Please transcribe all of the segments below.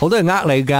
好多人呃你噶，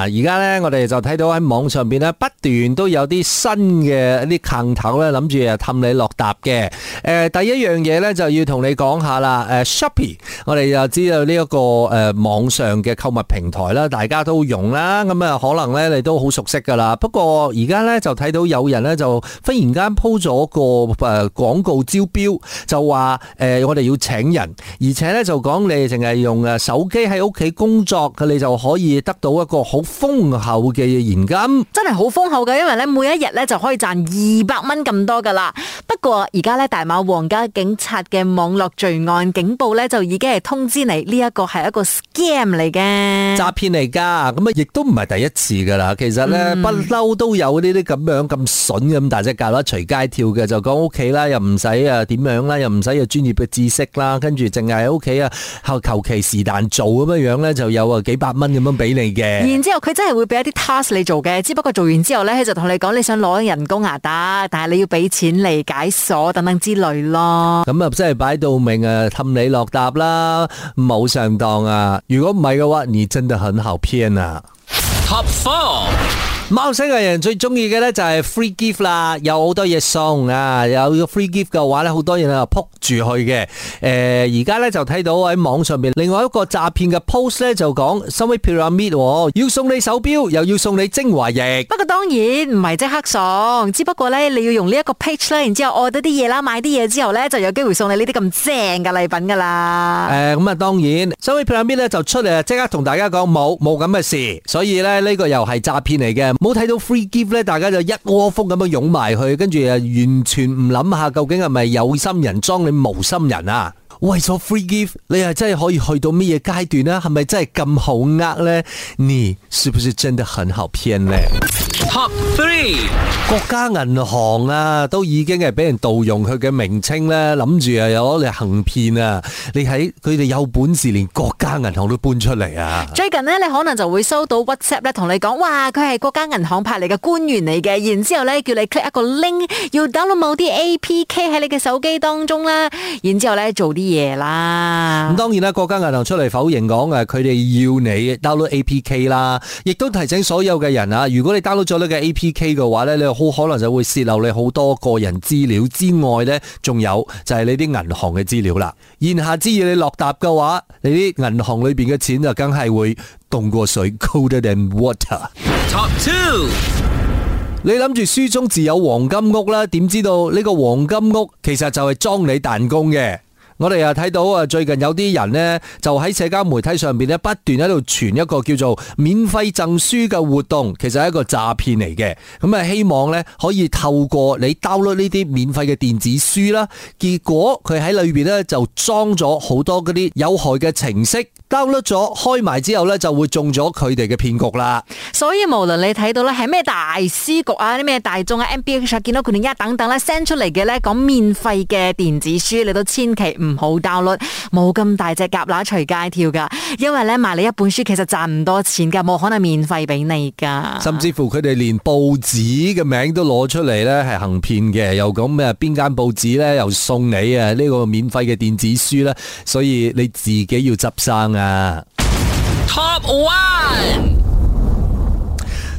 而家呢，我哋就睇到喺網上邊呢，不斷都有啲新嘅一啲坑頭呢，諗住啊氹你落搭嘅。誒，第一樣嘢呢，就要同你講下啦。誒，Shopee，我哋就知道呢一個誒網上嘅購物平台啦，大家都用啦，咁啊可能呢，你都好熟悉噶啦。不過而家呢，就睇到有人呢，就忽然間鋪咗個誒廣告招標，就話誒我哋要請人，而且呢，就講你淨係用誒手機喺屋企工作嘅你就。可以得到一個好豐厚嘅現金，真係好豐厚嘅，因為咧每一日咧就可以賺二百蚊咁多噶啦。不過而家咧大馬皇家警察嘅網絡罪案警報咧就已經係通知你呢一個係一個 scam 嚟嘅詐騙嚟噶。咁啊，亦都唔係第一次噶啦。其實咧不嬲都有呢啲咁樣咁笋咁大隻蛤乸啦，隨街跳嘅就講屋企啦，又唔使啊點樣啦，又唔使有專業嘅知識啦，跟住淨係喺屋企啊，求求其是但做咁樣樣咧，就有啊幾百蚊。有冇俾你嘅？然之後佢真係會俾一啲 task 你做嘅，只不過做完之後呢，佢就同你講，你想攞人工啊？得，但係你要俾錢嚟解鎖等等之類咯。咁啊真係擺到明啊氹你落搭啦，冇上當啊！如果唔係嘅話，你真係很好騙啊。Top four 貓星嘅人最中意嘅咧就係 free gift 啦，有好多嘢送啊！有個 free gift 嘅話咧，好多人啊撲住去嘅。誒、呃，而家咧就睇到喺網上邊另外一個詐騙嘅 post 咧，就講 some pyramid，哦、要送你手表，又要送你精華液。不過當然唔係即刻送，只不過咧你要用呢一個 page 咧，然後買東西之後愛得啲嘢啦，買啲嘢之後咧就有機會送你呢啲咁正嘅禮品噶啦。誒，咁啊，當然 some pyramid 咧就出嚟啊，即刻同大家講冇冇咁嘅事，所以咧呢、這個又係詐騙嚟嘅。冇睇到 free gift 咧，大家就一窩蜂咁樣湧埋去，跟住啊完全唔諗下究竟係咪有心人裝你無心人啊？為咗 free gift，你係真係可以去到咩嘢階段咧？係咪真係咁好呃呢？你是不是真的很好騙呢？Top three，國家銀行啊，都已經係俾人盜用佢嘅名稱咧，諗住啊，又攞你行騙啊！你喺佢哋有本事，連國家銀行都搬出嚟啊！最近呢，你可能就會收到 WhatsApp 咧，同你講，哇，佢係國家銀行派嚟嘅官員嚟嘅，然之後咧，叫你 click 一個 link，要 download 某啲 APK 喺你嘅手機當中啦，然之後咧做啲嘢啦。咁當然啦、啊，國家銀行出嚟否認，講，誒佢哋要你 download APK 啦，亦都提醒所有嘅人啊，如果你 download 咗嘅 APK 嘅話咧，你好可能就會洩漏你好多個人資料之外咧，仲有就係你啲銀行嘅資料啦。言下之意，你落答嘅話，你啲銀行裏邊嘅錢就梗係會凍過水，colder than water。Top two，你諗住書中自有黃金屋啦，點知道呢個黃金屋其實就係裝你彈弓嘅。我哋又睇到啊，最近有啲人呢，就喺社交媒體上邊呢，不斷喺度傳一個叫做免費贈書嘅活動，其實係一個詐騙嚟嘅。咁啊，希望呢，可以透過你 download 呢啲免費嘅電子書啦，結果佢喺裏邊呢，就裝咗好多嗰啲有害嘅程式，download 咗開埋之後呢，就會中咗佢哋嘅騙局啦。所以無論你睇到呢係咩大師局啊，啲咩大眾啊，MPH 見到佢哋一等等啦 send 出嚟嘅呢，講免費嘅電子書，你都千祈。唔好焦慮，冇咁大隻夾乸隨街跳噶，因為咧，賣你一本書其實賺唔多錢噶，冇可能免費俾你噶。甚至乎佢哋連報紙嘅名都攞出嚟咧，係行騙嘅，又咁誒，邊間報紙咧又送你啊呢個免費嘅電子書咧，所以你自己要執生啊。Top one。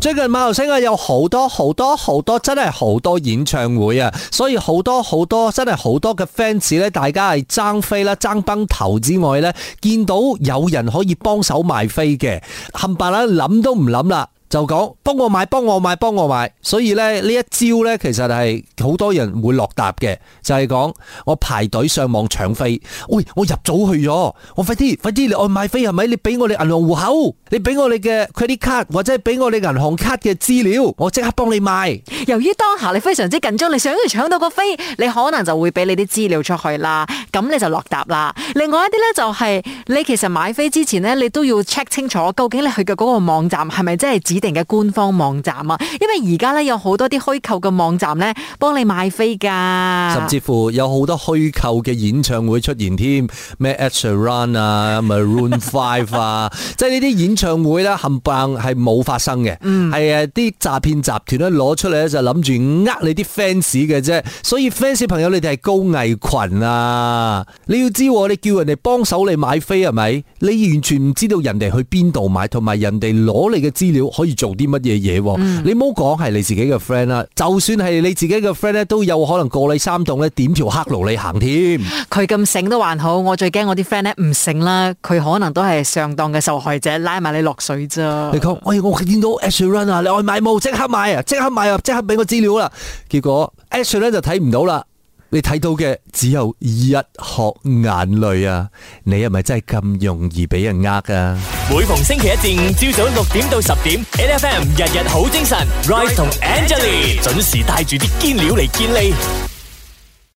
最近馬頭星啊，有好多好多好多真係好多演唱會啊，所以好多好多真係好多嘅 fans 呢，大家係爭飛啦，爭崩頭之外呢，見到有人可以幫手賣飛嘅，冚唪唥諗都唔諗啦。就講幫我買，幫我買，幫我買。所以咧呢一招呢，其實係好多人會落答嘅，就係講我排隊上網搶飛。喂，我入早去咗，我快啲快啲，你要買飛係咪？你俾我哋銀行戶口，你俾我哋嘅 credit card 或者俾我哋銀行卡嘅資料，我即刻幫你買。由於當下你非常之緊張，你想要搶到個飛，你可能就會俾你啲資料出去啦。咁你就落答啦。另外一啲咧就係、是、你其實買飛之前咧，你都要 check 清楚究竟你去嘅嗰個網站係咪真係指定嘅官方網站啊？因為而家咧有好多啲虛構嘅網站咧幫你買飛噶，甚至乎有好多虛構嘅演唱會出現添，咩 X Run 啊，咪 Maroon 5啊，即係呢啲演唱會咧冚棒係冇發生嘅，係啊啲詐騙集團咧攞出嚟咧就諗住呃你啲 fans 嘅啫，所以 fans 朋友你哋係高危群啊！啊！你要知你叫人哋幫手你買飛係咪？你完全唔知道人哋去邊度買，同埋人哋攞你嘅資料可以做啲乜嘢嘢？嗯、你唔好講係你自己嘅 friend 啦，就算係你自己嘅 friend 咧，都有可能過你三棟咧，點條黑路你行添？佢咁醒都還好，我最驚我啲 friend 咧唔醒啦，佢可能都係上當嘅受害者，拉埋你落水咋？你講，我見到 Asher Run 啊，你愛買冇即刻買啊，即刻買啊，即刻俾個資料啦，結果 Asher 咧就睇唔到啦。你睇到嘅只有一殼眼淚啊，啊！你係咪真係咁容易俾人呃啊？每逢星期一至五朝早六點到十點，N F M 日日好精神，Rise 同 Angelie 準時帶住啲堅料嚟堅利。